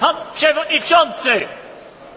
Pan Przewodniczący!